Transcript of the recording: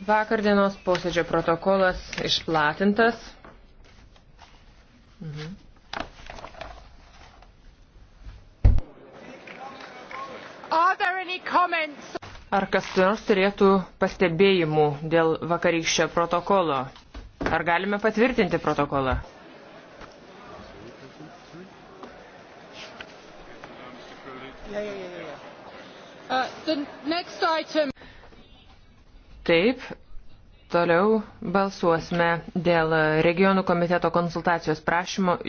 Vakardienos posėdžio protokolas išplatintas. Mhm. Ar kas nors turėtų pastebėjimų dėl vakarykščio protokolo? Ar galime patvirtinti protokolą? Ja, ja, ja, ja. Uh, the next item. Taip, toliau balsuosime dėl regionų komiteto konsultacijos prašymo